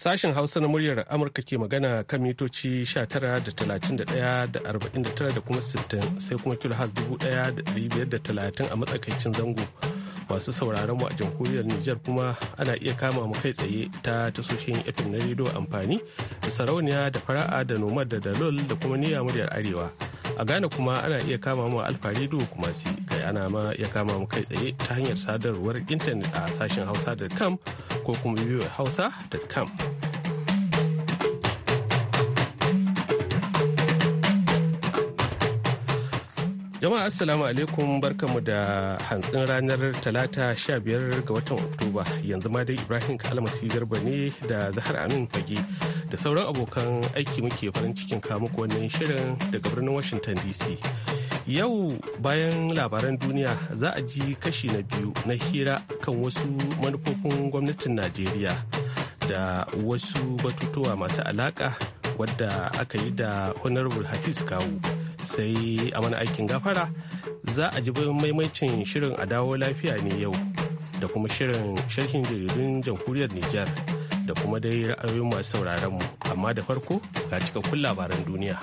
Sashen Hausa na muryar Amurka ke magana kan mitoci 19 da da kuma 60 sai kuma kilohaz 1530 a matsakaicin zango. Masu sauraron mu a jamhuriyar Nijar kuma ana iya kama mu kai tsaye ta tasoshin FM na rediyo amfani da sarauniya da fara'a da nomad da dalol da kuma niyya muryar Arewa. a Ghana kuma ana iya kama mu Alfa Radio kuma si kai ana ma iya kama mu kai tsaye ta hanyar sadarwar intanet a sashen hausa.com ko kuma hausa.com. Jama'a Assalamu alaikum barkamu da hantsin ranar talata sha biyar ga watan Oktoba yanzu ma dai Ibrahim Kalmasi Garba ne da Zahar Amin Fage da sauran abokan aiki muke farin cikin muku wannan shirin daga birnin Washington DC. Yau bayan labaran duniya za a ji kashi na biyu na hira kan wasu manufofin gwamnatin Najeriya da wasu batutuwa masu alaka wadda aka yi da Honorable Hafiz Kawu. sai a mana aikin gafara za a ji maimaicin shirin a dawo lafiya ne yau da kuma shirin sharhin jaridun jamhuriyar Nijar da kuma dai ra'ayoyin masu sauraron mu amma da farko ga cikakkun labaran duniya.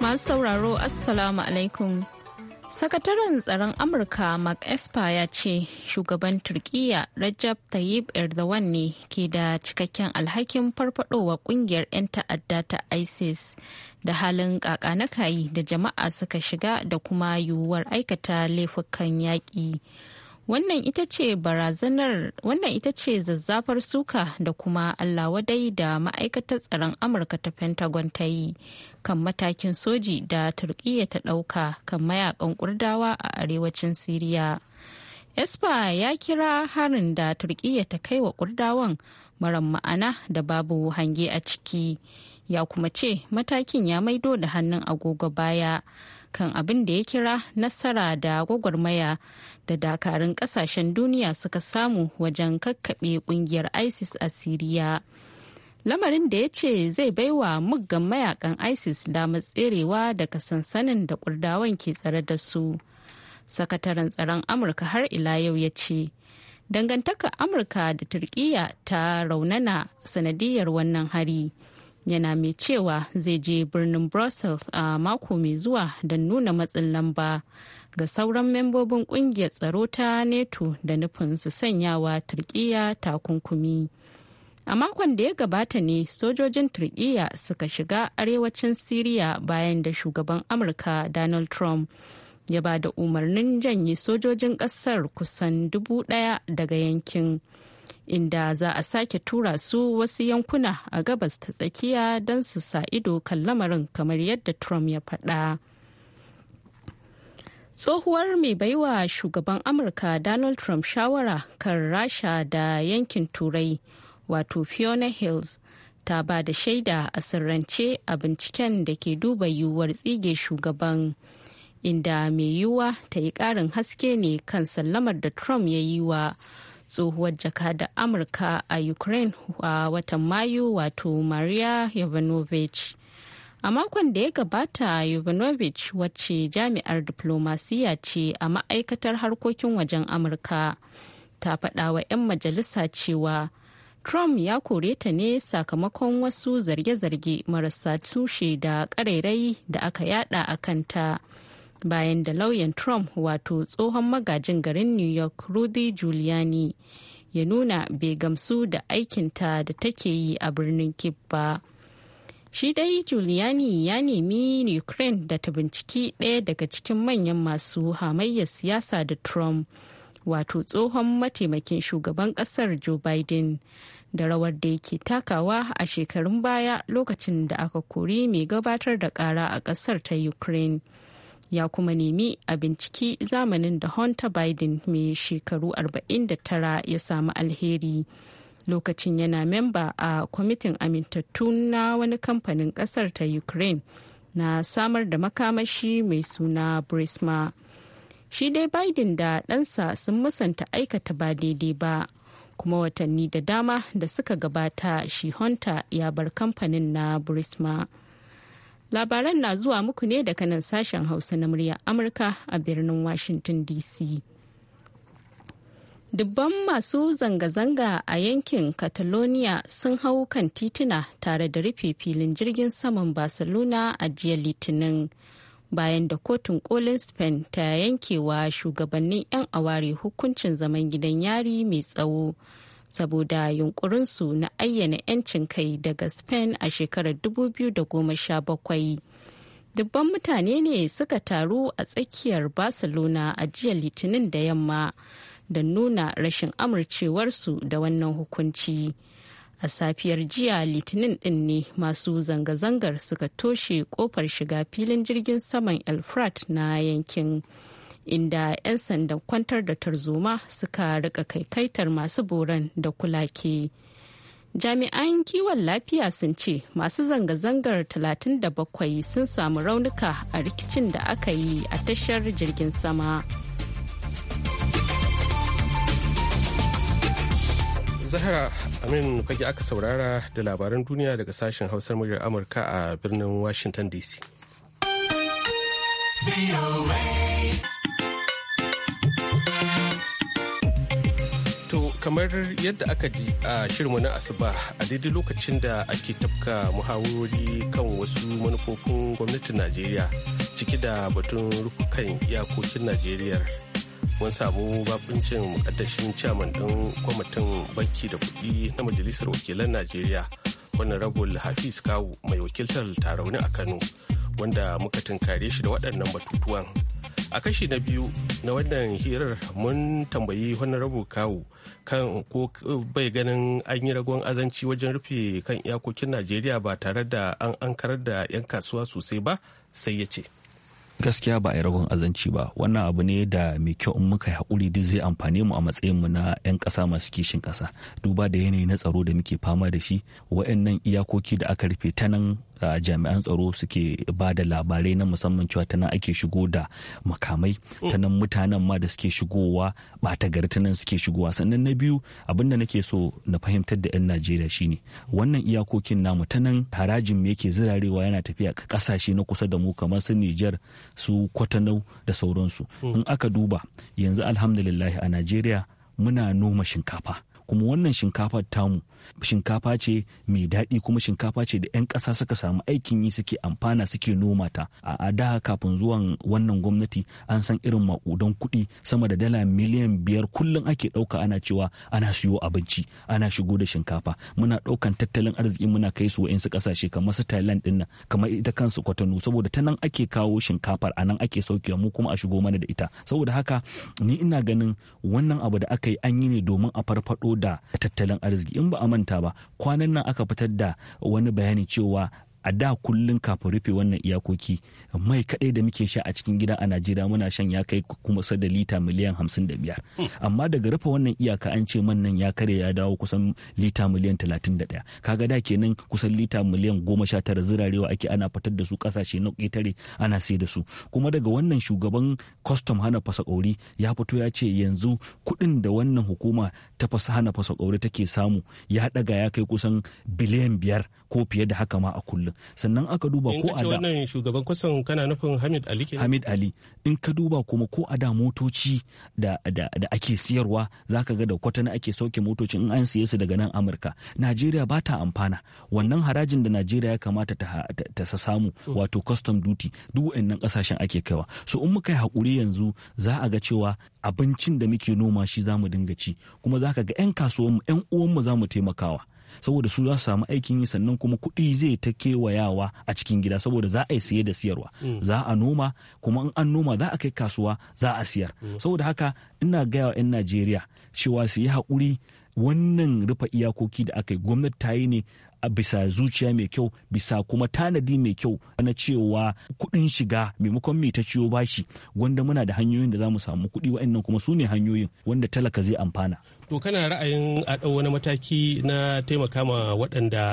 Masu sauraro Assalamu alaikum. sakataren tsaron amurka mark esper ya ce shugaban turkiyya rajab tayyip erdogan ne ke da cikakken alhakin farfadowa kungiyar 'yan ta'adda ta isis da halin kakanakayi da jama'a suka shiga da kuma yiwuwar aikata laifukan yaƙi. Wannan ita ce barazanar wannan ita ce zazzafar suka da kuma Allah wadai da ma'aikatar tsaron Amurka ta Pentagon ta yi kan matakin soji da Turkiyya ta ɗauka kan mayakan kurdawa a arewacin Siriya. Espa ya kira harin da Turkiyya ta kai wa kurdawan mara ma'ana da babu hange a ciki. Ya kuma ce matakin ya maido da hannun agogo baya kan abin da ya kira nasara da gwagwarmaya da dakarun kasashen duniya suka samu wajen kakkaɓe kungiyar isis a siriya lamarin da ya ce zai baiwa muggan mayakan isis damar tserewa daga sansanin da kurdawan ke tsare da su sakataren tsaron amurka har ila yau ya ce Dangantaka amurka da turkiya ta raunana sanadiyar wannan hari. yana mai cewa zai je birnin brussels a mako mai zuwa don nuna matsin lamba ga sauran membobin kungiyar tsaro ta neto da nufin su sanyawa turkiya takunkumi a makon da ya gabata ne sojojin turkiya suka shiga arewacin siriya bayan da shugaban amurka donald trump ya ba da umarnin janye sojojin kasar kusan dubu daya daga yankin. inda za a sake tura su wasu yankuna a gabas ta tsakiya don su sa ido kan lamarin kamar yadda trump ya faɗa. tsohuwar mai baiwa shugaban amurka donald trump shawara kan rasha da yankin turai wato fiona hills ta ba da shaida a sirrance a binciken da ke duba yiwuwar tsige shugaban inda mai yiwuwa ta yi ƙarin haske ne kan sallamar da trump ya yi wa tsohuwar jaka da amurka a ukraine a watan mayu wato maria yovanovich a makon da ya gabata yovanovich wacce jami'ar diplomasiya ce a ma'aikatar harkokin wajen amurka ta faɗa wa 'yan majalisa cewa trump ya kore ta ne sakamakon wasu zarge-zarge marasa tushe da ƙarairayi da aka yada a kanta. bayan da lauyan trump wato tsohon magajin garin new york rudy giuliani ya nuna bai gamsu da aikinta da take yi a birnin ba shi dai giuliani ya nemi ukraine da ta binciki ɗaya daga cikin manyan masu hamayyar siyasa da trump wato tsohon mataimakin shugaban ƙasar joe biden da rawar da yake takawa a shekarun baya lokacin da aka kori mai gabatar da kara a ƙasar ta ukraine ya kuma nemi a binciki zamanin da hunter biden mai shekaru 49 ya samu alheri lokacin yana memba a kwamitin amintattu na wani kamfanin kasar ta ukraine na samar da makamashi mai suna brisma shi dai biden da ɗansa sun musanta aikata ba daidai ba kuma watanni da dama da suka gabata shi hunter ya bar kamfanin na brisma Labaran na zuwa muku ne daga nan sashen Hausa na murya Amurka a birnin Washington DC. Dubban masu zanga-zanga a yankin Catalonia sun hau kan tituna tare da rufe filin jirgin saman Barcelona a jiya Litinin. Bayan da kotun kolin Spain ta yankewa shugabannin 'yan aware hukuncin zaman gidan yari mai tsawo saboda yunkurinsu na ayyana 'yancin kai daga spain a shekarar 2017 dubban mutane ne suka taru a tsakiyar barcelona a jiya litinin da yamma da nuna rashin amurcewarsu da wannan hukunci a safiyar jiya litinin din ne masu zanga-zangar suka toshe kofar shiga filin jirgin saman elfrat na yankin inda 'yan sandan kwantar da tarzoma suka rika kaikaitar masu boran da kulake. jami'an kiwon lafiya sun ce masu zanga-zangar 37 sun samu raunuka a rikicin da aka yi a tashar jirgin sama zahra amin fage aka saurara da labaran duniya daga sashen hausar muryar amurka a birnin washington dc kamar yadda aka ji a shirmu na asuba a daidai lokacin da ake tafka muhawarori kan wasu manufofin gwamnatin najeriya ciki da batun rufukan iyakokin najeriya mun samu bakuncin mukaddashin ciyaman ɗin kwamitin banki da kuɗi na majalisar wakilan najeriya wannan rabul hafiz kawu mai wakiltar tarauni a kano wanda muka tunkare shi da waɗannan batutuwan a kashi na biyu na wannan hirar mun tambayi rabu kawo kan ko bai ganin an yi ragon azanci wajen rufe kan iyakokin najeriya ba tare da an ankar da 'yan kasuwa sosai ba sai ya ce gaskiya ba a yi ragon azanci ba wannan abu ne da mai kyau in muka haƙuri duk zai amfane mu a matsayin mu na 'yan ƙasa masu kishin ƙasa duba da yanayi na tsaro da muke fama da shi wa'annan iyakoki da aka rufe ta nan jami'an tsaro suke ba da labarai na musamman cewa tana ake shigo da makamai mm. ta nan mutanen ma da suke shigowa ba ta gari ta nan suke shigowa sannan na biyu abin da nake so na fahimtar da 'yan najeriya shine wannan iyakokin namu ta nan harajin me yake zirarewa yana tafiya kasashe na kusa da mu kamar su nijar su kwatanau da sauransu mm. in aka duba yanzu alhamdulillah a najeriya muna noma shinkafa kuma wannan shinkafa tamu shinkafa ce mai daɗi kuma shinkafa ce da 'yan ƙasa suka samu aikin yi suke amfana suke noma ta a da kafin zuwan wannan gwamnati an san irin maƙudan kuɗi sama da dala miliyan biyar kullum ake ɗauka ana cewa ana siyo abinci ana shigo da shinkafa muna ɗaukan tattalin arziki muna kai su wa'insu ƙasashe kamar su thailand ɗin nan kamar ita kansu kwatano saboda ta nan ake kawo shinkafar a nan ake saukewa mu kuma a shigo mana da ita saboda haka ni ina ganin wannan abu da aka yi an yi ne domin a farfaɗo da tattalin arziki in ba a manta ba kwanan nan aka fitar da wani bayani cewa a da kullun kafin rufe wannan iyakoki mai kadai da muke sha a cikin gida a najeriya muna shan ya kai kuma da lita miliyan hamsin da biyar amma daga rufe wannan iyaka an ce man nan ya kare ya dawo kusan lita miliyan talatin kaga da kenan kusan lita miliyan goma sha tara zirarewa ake ana fitar da su kasashe na ƙetare ana sai da su kuma daga wannan shugaban kwastam hana fasa ƙauri ya fito ya ce yanzu kuɗin da wannan hukuma ta hana fasa ƙauri take samu ya daga ya kai kusan biliyan biyar ko fiye da haka ma a kullum sannan aka duba ko a da wannan shugaban kwasan kana nufin Hamid Ali ke Hamid Ali in ka duba kuma ko a da motoci da da, ake siyarwa zaka ga da kwata na ake sauke motocin in an siye su daga nan Amurka Najeriya ba ta amfana wannan harajin da Najeriya ya kamata ta ta, ta samu wato custom duty duk waɗannan kasashen ake kaiwa so in muka yi hakuri yanzu za a ga cewa abincin da muke noma shi za mu dinga ci kuma zaka ga 'yan kasuwanmu 'yan uwanmu za mu taimakawa saboda su za su samu aikin yi sannan kuma kuɗi zai ta kewayawa a cikin gida saboda za a yi saye da siyarwa mm. za a noma kuma in an noma za a kai kasuwa za a siyar mm. saboda haka ina gaya wa 'yan najeriya cewa su yi haƙuri wannan rufe iyakoki da aka yi gwamnati ta yi ne a bisa zuciya mai kyau bisa kuma tanadi mai kyau na cewa kuɗin shiga maimakon mai ta ciwo bashi wanda muna da hanyoyin da za mu samu kuɗi wa'annan kuma su ne hanyoyin wanda talaka zai amfana to kana ra'ayin a ɗau wani mataki na taimaka ma waɗanda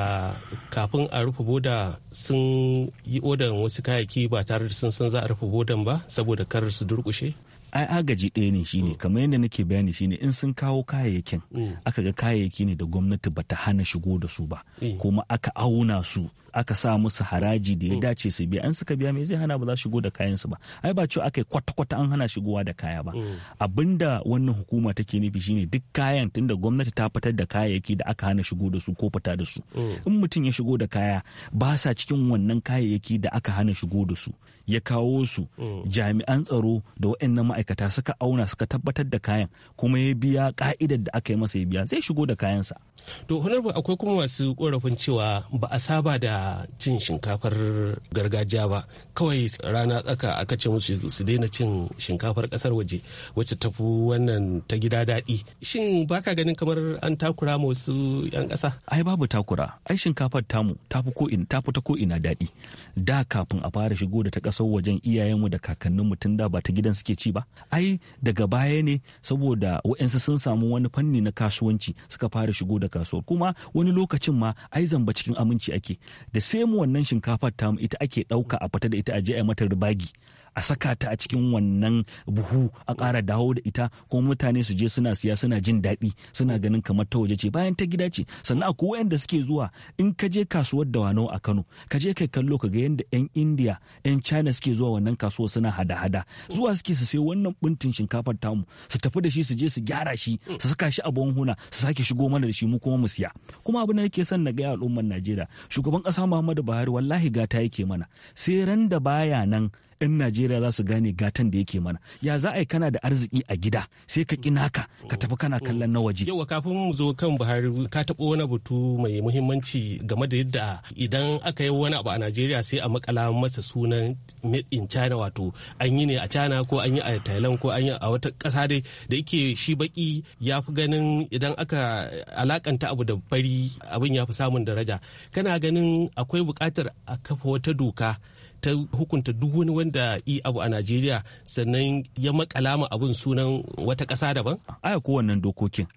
kafin a rufe boda sun yi odan wasu kayayyaki ba tare da sun san za a rufe bodan ba saboda kar su durƙushe ai agaji ɗaya ne shine mm. kamar yadda nake bayani shine in sun kawo kayayyakin mm. aka ga kayayyaki ne da gwamnati bata hana shigo da su ba mm. kuma aka auna su aka sa musu haraji da ya mm. dace su biya an suka biya me zai hana ba za shigo da kayan su ba ai ba cewa akai kwata-kwata an hana shigowa da kaya ba mm. abinda wannan hukuma take nufi shine duk kayan tunda gwamnati ta fitar da kayayyaki da aka hana shigo da su ko fita da su mm. in mutum ya shigo da kaya ba sa cikin wannan kayayyaki da aka hana shigo da su ya kawo su jami'an tsaro da waɗannan ma'aikata suka auna suka tabbatar da kayan kuma ya biya ka'idar da aka yi masa ya biya zai shigo da kayansa to honorable akwai kuma masu korafin cewa ba a saba da a cin shinkafar gargajiya ba kawai rana tsaka aka ce musu su daina cin shinkafar kasar waje wacce ta wannan ta gida daɗi shin baka ganin kamar an takura ma wasu 'yan ƙasa ai babu takura ai shinkafar tamu ta ko ta ta ko ina daɗi da kafin a fara shigo da ta kasar wajen iyayenmu da kakanninmu tun da ba ta gidan suke ci ba ai daga baya ne saboda wa'ansu sun samu wani fanni na kasuwanci suka fara shigo da kasuwa kuma wani lokacin ma ai zamba cikin aminci ake da sai mu wannan shinkafar tamu ita ake ɗauka a fita da ita a je a mata ribagi a saka ta a cikin wannan buhu a ƙara dawo da ita kuma mutane su je suna siya suna jin daɗi suna ganin kamar ta waje ce bayan ta gida ce sannan akwai wayanda suke zuwa in ka je kasuwar dawanau a Kano ka je kai kallo ka ga yadda 'yan India 'yan China suke zuwa wannan kasuwar suna hada-hada zuwa suke su sayo wannan buntin shinkafar tamu su tafi da shi su je su gyara shi su saka shi a buhunhuna su sake shigo mana da shi mu kuma mu siya kuma abin da nake son na ga al'ummar Najeriya shugaban ƙasa Muhammadu Buhari wallahi gata yake mana sai ran da baya nan 'yan Najeriya za su gane gatan da yake mana ya za a yi kana da arziki a gida sai ka naka ka tafi kana kallon na waje yau kafin mu zo kan Buhari ka taɓo wani batu mai muhimmanci game da yadda idan aka yi wani abu a Najeriya sai a makala masa sunan made in China wato an yi ne a China ko an yi a Thailand ko an yi a wata ƙasa dai da yake shi baki ya fi ganin idan aka alakanta abu da bari abin ya fi samun daraja kana ganin akwai buƙatar a kafa wata doka ta hukunta duk wani wanda yi abu a Najeriya sannan ya makala mu abin sunan wata ƙasa daban? Aya kowannan dokokin.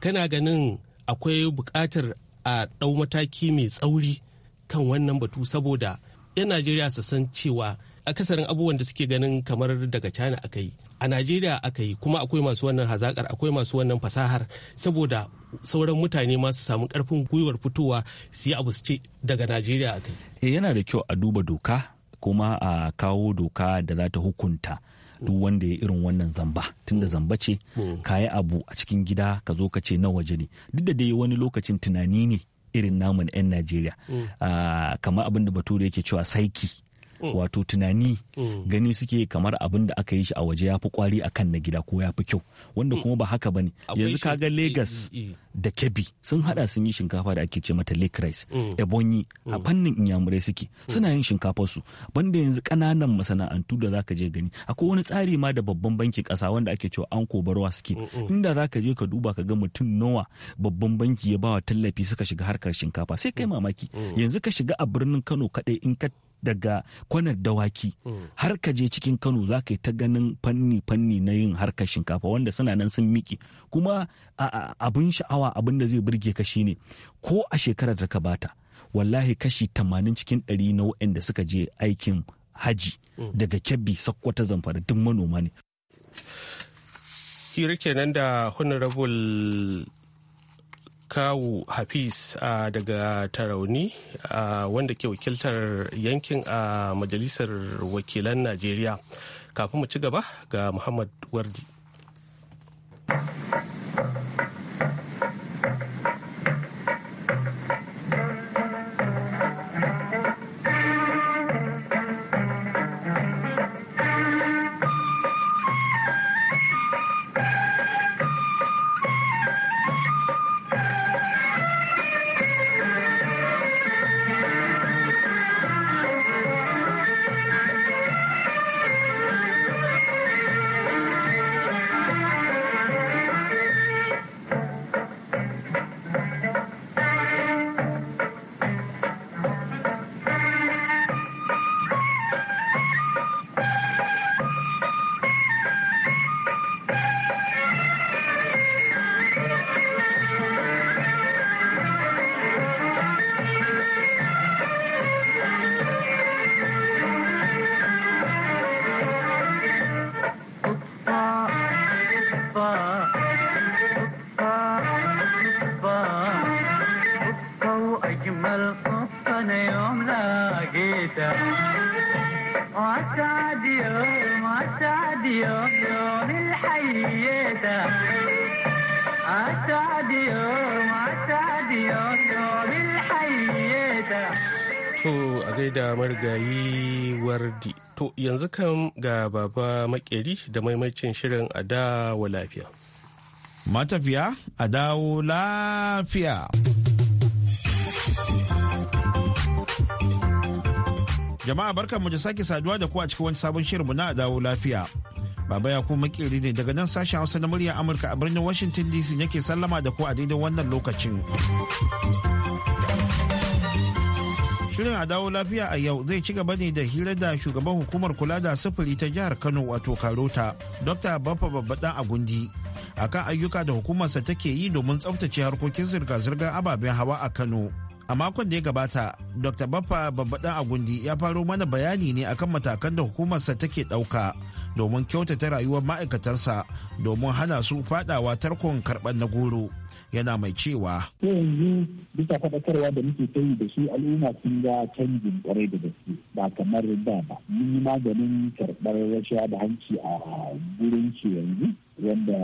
Kana ganin akwai buƙatar a ɗau mataki mai tsauri kan wannan batu saboda 'yan Najeriya su san cewa akasarin abubuwan da suke ganin kamar daga China aka yi. a najeriya aka yi kuma akwai masu wannan hazakar akwai masu wannan fasahar saboda sauran mutane masu samu karfin gwiwar fitowa su yi abu su ce daga najeriya aka yi eh, yana da kyau a duba doka kuma a kawo doka da za ta hukunta duk wanda ya irin wannan zamba tunda zamba ce hmm. ka yi abu a cikin gida ka zo ka ce na waje ne duk da dai wani lokacin tunani ne irin namun 'yan najeriya hmm. ah, kamar abin da bature yake cewa saiki Mm. wato tunani mm. gani suke kamar abin da aka yi shi a waje ya fi kwari a kan na gida ko ya fi kyau wanda mm. kuma ba haka ba ne yanzu kaga eh, Legas eh, eh. da Kebbi sun hada sun yi shinkafa da ake ce mata lake rice ebonyi a fannin inyamurai suke suna yin shinkafar su banda yanzu kananan masana'antu da zaka je gani akwai wani tsari ma da babban bankin kasa wanda ake cewa an kobarwa suke inda zaka je ka duba ka ga mutum nawa babban banki ya bawa tallafi suka shiga harkar shinkafa sai kai mamaki yanzu ka shiga a birnin Kano kadai in ka daga kwanar dawaki har ka je cikin kano za ka yi ta ganin fanni-fanni na yin harkar shinkafa wanda suna nan sun miki kuma abin sha'awa abin da zai burge ka shine ko a shekarar da ka bata wallahi kashi tamanin cikin 100 na waɗanda suka je aikin haji daga kebbi sakkwata zamfara duk manoma ne hira kenan da honorable kawu hafiz daga tarauni wanda ke wakiltar yankin a majalisar wakilan najeriya kafin mu ci gaba ga muhammad wardi To a gaida marigayi wardi, to yanzu kan ga baba makeri da maimacin shirin a dawo lafiya. Matafiya a dawo lafiya. Jama'a barkan mu da sake saduwa da ku a cikin wani sabon shirinmu na dawo lafiya. Baba ya ku makeri ne daga nan sashen Hausa na muryar Amurka a birnin Washington DC yake sallama da ku a daidai wannan lokacin. Shirin a dawo lafiya a yau zai ci gaba ne da hira da shugaban hukumar kula da sufuri ta jihar Kano wato Karota, Dr. Baffa Babbaɗan Agundi, akan ayyuka da hukumarsa take yi domin tsaftace harkokin zirga-zirgar ababen hawa a Kano. a makon da ya gabata dr baffa babbaɗan agundi ya faro mana bayani ne akan matakan da hukumarsa take ɗauka domin kyautata rayuwar ma'aikatansa domin hana su fadawa tarkon karɓar na goro yana mai cewa yanzu bisa faɗakarwa da muke kai da shi al'umma sun ga canjin kwarai da gaske ba kamar da ba mun yi maganin karɓar rashawa da hanci a gurin yanzu wanda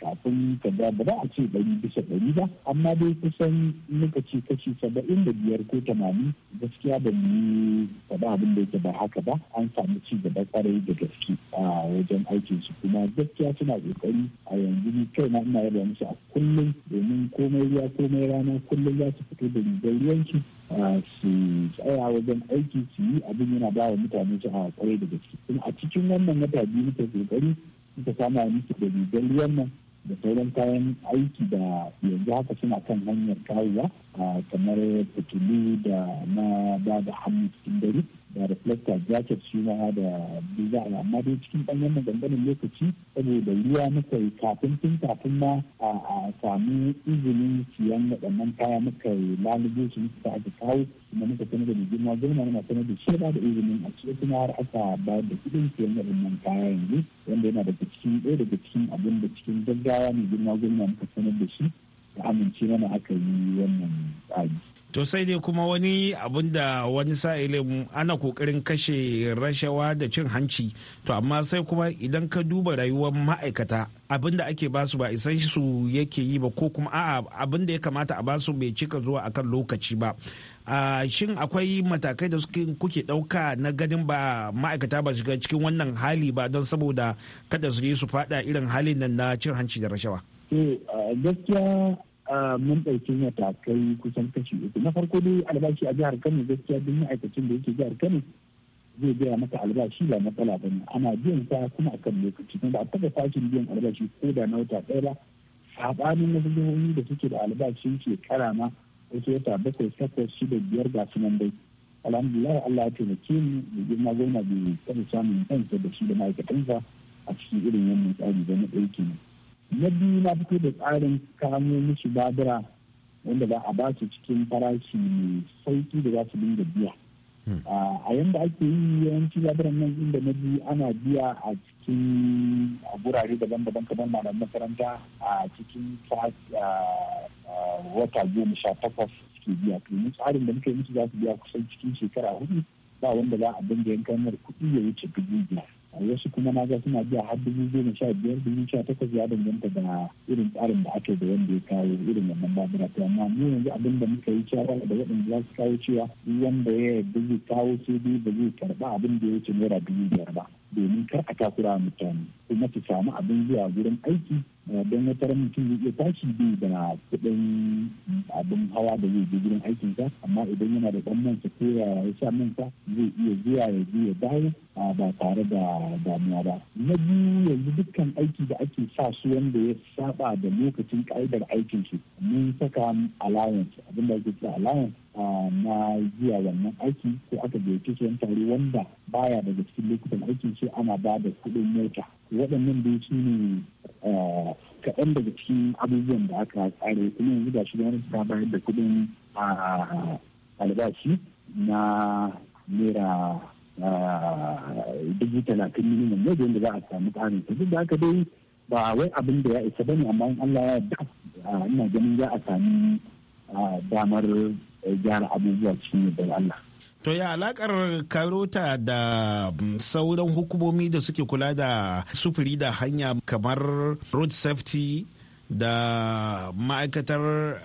kafin ka ba ba a ce ɗari bisa ɗari ba amma dai kusan muka ce kashi saba'in da biyar ko tamanin gaskiya ba mu yi faɗa abin da yake ba haka ba an samu ci gaba kwarai da gaske ah, a wajen aikin su kuma gaskiya suna kokari a yanzu ni kai na ina yaba musu a kullum domin komai ruwa komai rana kullum za su fito da rigar a su tsaya wajen aiki su yi abin yana ba wa mutane su a kwarai da gaske kuma a cikin wannan mata biyu muka kokari muka samu musu da rigar ruwan nan da sauran kayan aiki da yanzu haka suna kan hanyar kawowa kamar fitilu da na ba da hannu cikin dare da reflector jacket shi ma da biza amma dai cikin ɗan wannan ganganin lokaci saboda ruwa muka yi kafin tun kafin ma a sami izinin siyan waɗannan kaya muka yi lalubo su muka aka kawo kuma muka sanar da girma girma na sanar da ba da izinin a cikin kuma har aka bayar da kuɗin siyan waɗannan kaya yanzu wanda yana daga cikin ɗaya daga cikin abin da cikin gaggawa ne girma girma muka sanar da shi da amince mana aka yi wannan tsari. to sai dai kuma wani abun da wani sa'ilin ana kokarin kashe rashawa da cin hanci to amma sai kuma idan ka duba rayuwar ma'aikata abin da ake basu ba isan su yake yi ba ko kuma a'a abin da ya kamata a basu bai cika zuwa akan lokaci ba shin akwai matakai da kuke ɗauka na ganin ba ma'aikata ba shiga cikin wannan hali ba don saboda kada su je su fada irin halin nan na cin hanci da rashawa eh, gaskiya mun ɗauki matakai kusan kashi uku na farko dai albashi a jihar kano gaskiya duk ma'aikacin da yake jihar kano zai gaya maka albashi ba matsala ba ne ana biyan sa kuma akan lokaci kuma ba a taɓa fashin biyan albashi ko da na wata ɗaya ba saɓanin wasu jihohi da suke da albashin shekara ma wasu wata bakwai takwas shida biyar ga su nan dai alhamdulillah Allah ya taimake mu da girma gwamna bai taɓa samun kansa da shi da ma'aikatansa a cikin irin wannan tsari da na ɗauki ne. na biyu na fito da tsarin kamo musu babura wanda ba a ba cikin farashi mai sauki da za su dinga biya hmm. a yanda ake yi yawanci labiran nan inda na biyu ana biya a cikin gurare daban-daban kamar malam makaranta a cikin wata goma sha takwas suke biya to tsarin da muke musu za su biya kusan cikin shekara hudu ba wanda za a dinga yankan kuɗi ya wuce dubu biyar wasu kuma na ga suna biya har dubu goma sha biyar dubu sha takwas ya danganta da irin tsarin da ake da wanda ya kawo irin wannan babura ta amma mu yanzu abin da muka yi cewa da waɗanda za su kawo cewa wanda ya yarda zai kawo su biyu ba zai karɓa abin da ya wuce naira dubu biyar ba domin kar a takura mutane kuma su samu abin zuwa gurin aiki Eh, don wata mutum ya iya tashi biyu da kuɗin mm, abin hawa da zai je gidan aikinsa amma idan yana da ɗan mansa ko ya sha mansa zai iya zuwa ya je ya dawo ba tare da damuwa ba na biyu yanzu dukkan aiki da ake sa su wanda ya saba da lokacin ka'idar aikin su mun saka allowance abin da ake allowance na jiya wannan aiki ko aka gayyace su tari tare wanda baya daga cikin lokutan aikin su ana ba da kuɗin mota waɗannan dai su ne kaɗan daga cikin abubuwan da aka tsare kuma yanzu ga shi gwamnati ta bayar da kuɗin albashi na naira dubu talatin miliyan ne da za a samu ƙarin duk da aka dai ba wai abin da ya isa ba ne amma in Allah ya yarda ina ganin za a sami damar gyara abubuwan cikin yadda Allah. To ya alakar karota da mm, sauran hukumomi da suke kula da sufuri da hanya kamar road safety da ma'aikatar eh,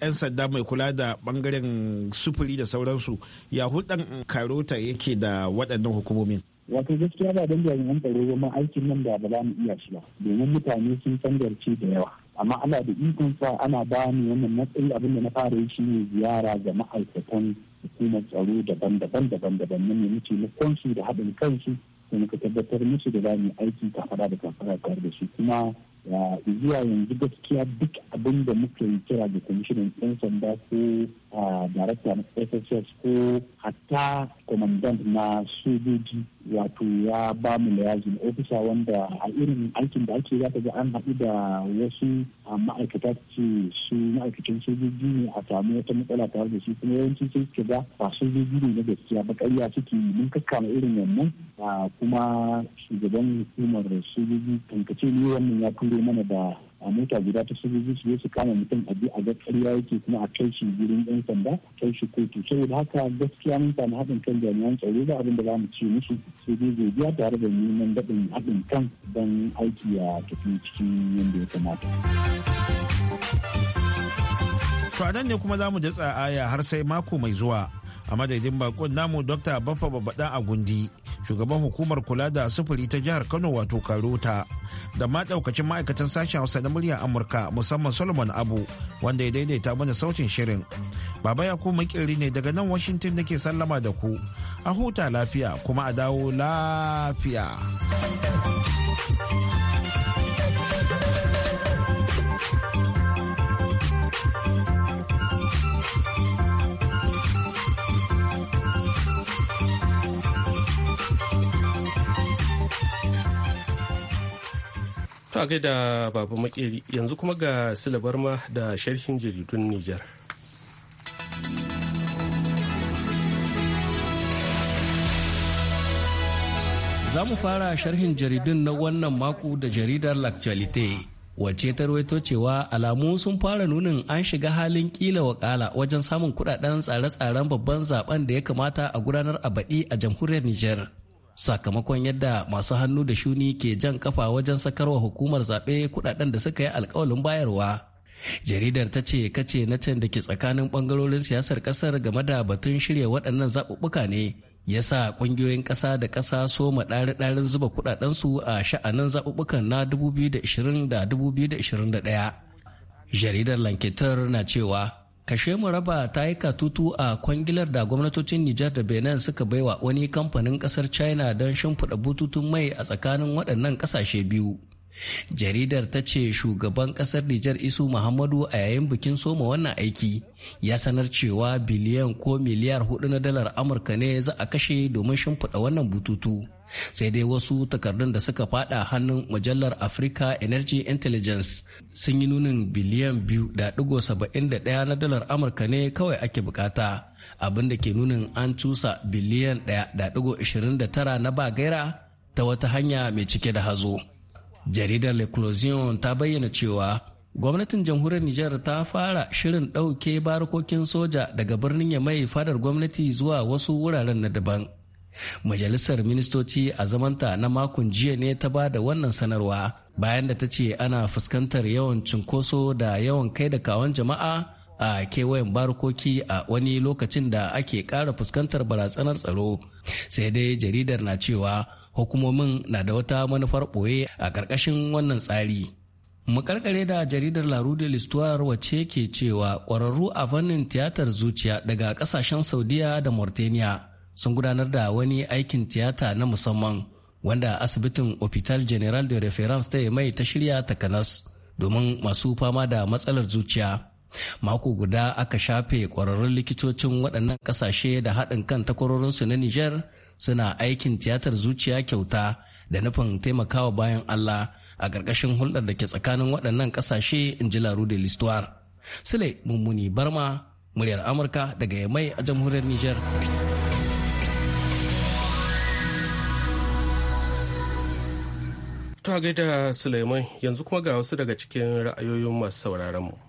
'yan sanda mai kula da bangaren sufuri da sauransu ya hulɗan karota yake da waɗannan hukumomin. wato gaskiya ba don jami'an tsaro ba ma aikin nan da ba za mu iya shi ba domin mutane sun canjarci da yawa amma ana da ikon sa ana ba ni wannan matsayi abin da na fara shi ne ziyara ga ma'aikatan hukumar tsaro daban-daban daban-daban na nemi taimakon su da haɗin kansu da muka tabbatar musu da za aiki ta fara da kafada fara da su kuma zuwa yanzu gaskiya duk abin da muka yi kira da kwamishinan 'yan sanda ko darakta na sss ko hatta kwamandant na sojoji wato ya ba mu layazin ofisa wanda a irin aikin da ake za ta ga an haɗu da wasu ah, ma'aikata ce su ma'aikatan sojoji ne a samu wata matsala tare da su kuma yawanci sai suke ga ba sojoji ne na gaskiya ba ƙarya suke mun kakkama irin wannan ah, kuma shugaban hukumar sojoji tankace ne wannan ya ture mana da a mota guda ta sojoji su su kama mutum a a ga karya yake kuma a kai shi gurin 'yan sanda a kai shi kotu saboda haka gaskiya mun samu haɗin kan jami'an tsaro ba abin da za mu ce musu sai dai godiya tare da neman daɗin haɗin kan don aiki a tafi cikin yadda ya kamata. To a nan ne kuma za mu jatsa aya har sai mako mai zuwa a madadin bakon namu dr baffa babada a gundi shugaban hukumar kula da sufuri ta jihar kano wato karota da ma daukacin ma'aikatan sashen hausa na muryar amurka musamman solomon abu wanda ya daidaita mana sautin shirin baba ya ku makirri ne daga nan washington da ke sallama da ku a huta lafiya kuma a dawo lafiya To a da babu makeri yanzu kuma ga silabar da sharhin jaridun Nijar. Za mu fara sharhin jaridun na wannan mako da jaridar L'Actualité. wace ta rawaito cewa alamu sun fara nunin an shiga halin kila wakala wajen samun kudaden tsare-tsaren babban zaben da ya kamata a gudanar abadi a jamhuriyar Nijar. sakamakon yadda masu hannu da shuni ke jan kafa wajen sakarwa hukumar zaɓe kudaden da suka yi alkawalin bayarwa jaridar ta ce kace na can da ke tsakanin bangarorin siyasar kasar game da batun shirya waɗannan zaɓuɓɓuka ne ya sa ƙungiyoyin ƙasa da ƙasa so ɗari ɗarin zuba kuɗaɗensu a sha'anin zaɓuɓɓukan na 2020 da 2021 jaridar lanketar na cewa kashe mu raba ta yi katutu a kwangilar da gwamnatocin Nijar da Benin suka baiwa wani kamfanin kasar China don shimfiɗa bututun mai a tsakanin waɗannan ƙasashe biyu. jaridar ta ce shugaban kasar nijar isu muhammadu a yayin bikin soma wannan aiki ya sanar cewa biliyan ko miliyar hudu na dalar amurka ne za a kashe domin shimfiɗa wannan bututu sai dai wasu takardun da suka fada hannun mujallar africa energy intelligence sun yi nunin biliyan biyu da saba'in da daya na dalar amurka ne kawai ake bukata abinda ke nunin an cusa biliyan daya da digo da tara na bagaira ta wata hanya mai cike da hazo. jaridar l'eclosion ta bayyana cewa gwamnatin jamhuriyar nijar ta fara shirin ɗauke barkokin soja daga birnin ya mai fadar gwamnati zuwa wasu wuraren na daban majalisar ministoci a zamanta na makon jiya ne ta ba da wannan sanarwa bayan da ta ce ana fuskantar yawan cunkoso da yawan kai da kawon jama'a a kewayen barkoki a wani lokacin da ake ƙara fuskantar barazanar tsaro sai dai jaridar na cewa hukumomin na da wata manufar ɓoye a ƙarƙashin wannan tsari. Makarƙare da jaridar larude listuwar wacce ke cewa ƙwararru a fannin tiyatar zuciya daga ƙasashen saudiya da mauritania sun gudanar da wani aikin tiyata na musamman wanda asibitin hopital general de reference ta mai ta shirya takanas domin masu fama da matsalar zuciya mako guda aka shafe kwararrun likitocin waɗannan ƙasashe da haɗin kan takwarorinsu na Nijar suna aikin tiyatar zuciya kyauta da nufin taimakawa bayan Allah a ƙarƙashin hulɗar da ke tsakanin waɗannan ƙasashe in ji Laru de Listuwar. Sule Mummuni Barma, muryar Amurka daga Yamai a jamhuriyar Nijar. Ta gaida sulaiman yanzu kuma ga wasu daga cikin ra'ayoyin masu sauraron mu.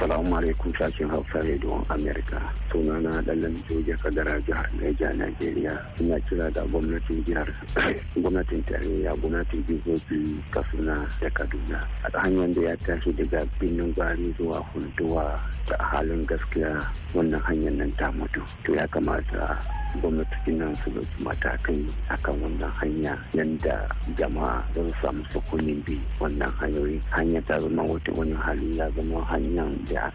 salamu alaikum sashen Hausa Radio Amerika. Sunana Dallan Joja Kadara Jihar Neja Najeriya. Ina kira da gwamnatin jihar gwamnatin tarayya gwamnatin jihohi Katsina da Kaduna. A ta hanyar da ya tashi daga birnin Gwari zuwa Hunduwa ta halin gaskiya wannan hanyar nan ta mutu. To ya kamata gwamnati nan su dauki matakai akan wannan hanya yadda jama'a za su samu sukunin bi wannan hanyoyi hanya ta zama wata wani hali ya zama hanyar da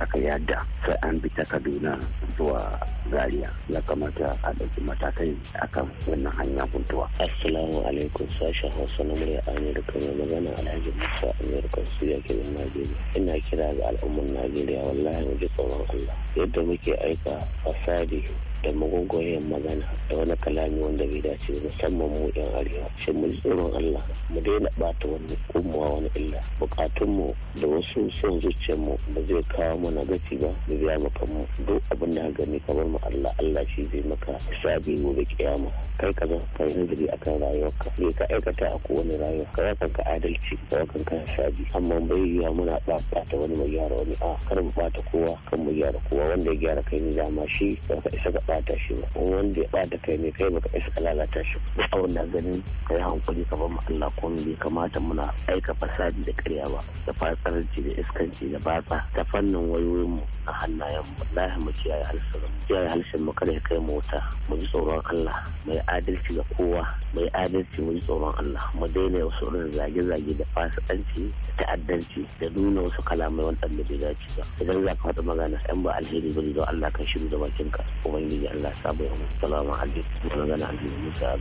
aka yada sai an bi ta kaduna zuwa zaria ya kamata a dauki matakai akan wannan hanya kuntuwa assalamu alaikum sashen hausa na murya da kuma magana alhaji musa amurka ke yake najeriya ina kira ga al'ummar najeriya wallahi mu ji tsoron allah yadda muke aika fasadi da mugun goyon magana da wani kalami wanda bai dace musamman mu yan arewa shi mu tsoron Allah mu daina bata wani umma wani illa bukatun mu da wasu son zuciyar mu ba zai kawo mana gaci ba da biya kan mu duk abin da gani kamar mu Allah Allah shi zai maka hisabi da kiyama kai ka zan kai nazari akan rayuwarka ne ka aikata a kowane rayuwa ka kanka adalci ka ya kanka hisabi amma bai yi muna bata wani mai gyara wani a kar mu bata kowa kan mu gyara kowa wanda ya gyara kai ne dama shi ka isa ka bata shi wanda ya bada kai ne kai baka isa lalata shi a wanda ganin ka yi hankali ka bamu Allah ko bai kamata muna aika fasadi da karya ba da fatsarci da iskanci da batsa ta fannin wayoyin mu a hannayen mu lahi mu kiyaye halshen mu kiyaye halshen mu kada ya kai mu wuta mu ji tsoron Allah mai adalci ga kowa mai adalci mu ji tsoron Allah mu daina wasu irin zage-zage da fasikanci da ta'addanci da nuna wasu kalamai wanda bai dace ba idan za ka faɗi magana yan ba alheri bane don Allah kan shiru da bakinka ubangiji Allah sa sabo assalamu alaikum Musa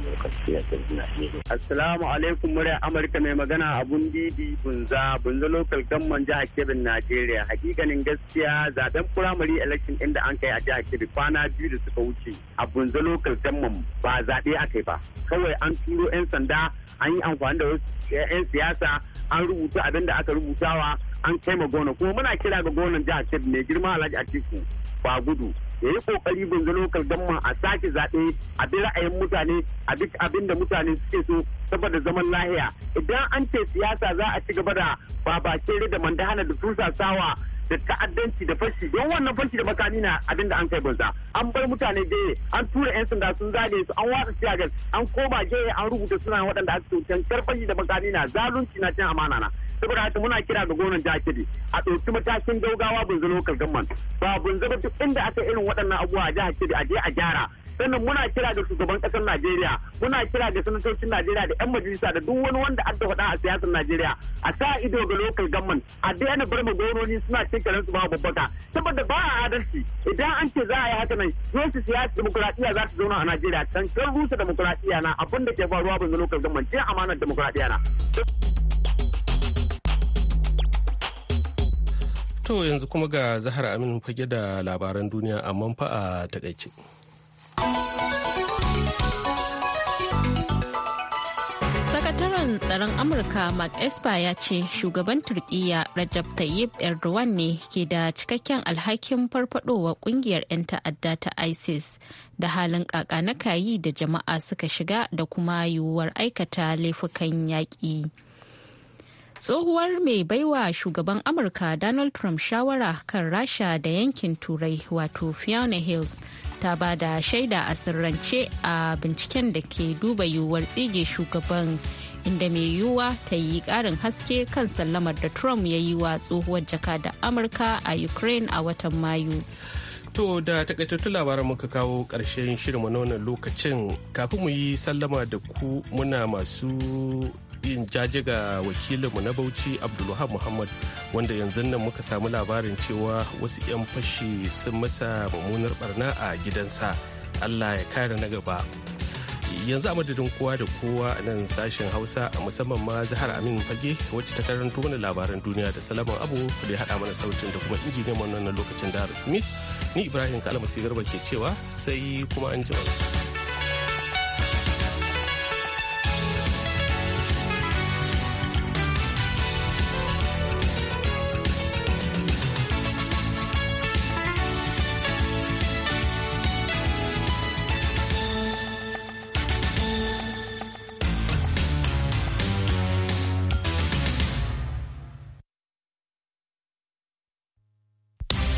assalamu alaikum murya Amurka mai magana abun didi bunza bunza local government jihar Kebbi Najeriya hakikanin gaskiya zaben primary election din da an kai a jihar Kebbi kwana biyu da suka wuce a bunza local government ba zabe akai ba kawai an turo yan sanda an yi amfani da yan siyasa an rubuta abin da aka rubutawa an kai ma gona kuma muna kira ga gonan jihar Kebbi mai girma Alhaji Atiku ba gudu ya yi kokari banzu lokal gamma a sake zaɓe a bi ra'ayin mutane a duk abin da mutane suke so saboda zaman lahiya idan an ce siyasa za a ci gaba da babakere da hana da tusasawa da ta'addanci da fashi don wannan fashi da makami na abin da an kai banza an bar mutane geye an tura yan sanda sun zane su an watsa siyagar an koma geye an rubuta suna waɗanda aka cutan fashi da makami na zalunci na cin amana na saboda haka muna kira ga gonan jakiri a ɗauki matakin gaugawa banza lokal gamman ba banza ba duk inda aka irin waɗannan abubuwa a jihar kebbi a je a gyara sannan muna kira da shugaban kasar Najeriya muna kira ga sanatocin Najeriya da yan majalisa da duk wani wanda adda faɗa a siyasar Najeriya a sa ido ga lokal gamman a daina bar magoroni suna cin karen su ba babbaka saboda ba a adalci idan an ce za a yi haka nan yosu siyasa demokuraɗiyya za ta zauna a Najeriya kan kan rusa demokuraɗiyya na abin da ke faruwa ban lokal gamman ce amana demokuraɗiyya na. To yanzu kuma ga Zahar Amin fage da labaran duniya amma fa a takaice. sakataren tsaron amurka mark esper ya ce shugaban turkiyya rajab tayyip erdogan ne ke da cikakken alhakin farfadowa kungiyar 'yan ta'adda ta isis da halin kaka yi da jama'a suka shiga da kuma yiwuwar aikata laifukan yaƙi tsohuwar mai baiwa shugaban amurka donald trump shawara kan rasha da yankin turai wato fiona hills ta ba da shaida a sirrance a binciken da ke duba yiwuwar tsige shugaban inda mai yiwuwa ta yi karin haske kan sallamar da Trump ya yi wa tsohuwar jaka da Amurka a Ukraine a watan Mayu. To da takaitattun labaran muka kawo ƙarshen shirin manona lokacin kafin mu yi sallama da ku muna masu yin jaje ga wakilinmu na Bauchi Abdulwahab Muhammad wanda yanzu nan muka samu labarin cewa wasu 'yan fashi sun masa mummunar barna a gidansa. Allah ya kare na gaba. yanzu a madadin kowa da kowa a nan sashen hausa a musamman ma zahar amin fage wacce ta karanto mana labaran duniya da salaman abu da ya haɗa mana sautin da kuma injiniyan wannan lokacin da smith ni ibrahim kalamasi garba ke cewa sai kuma an jima.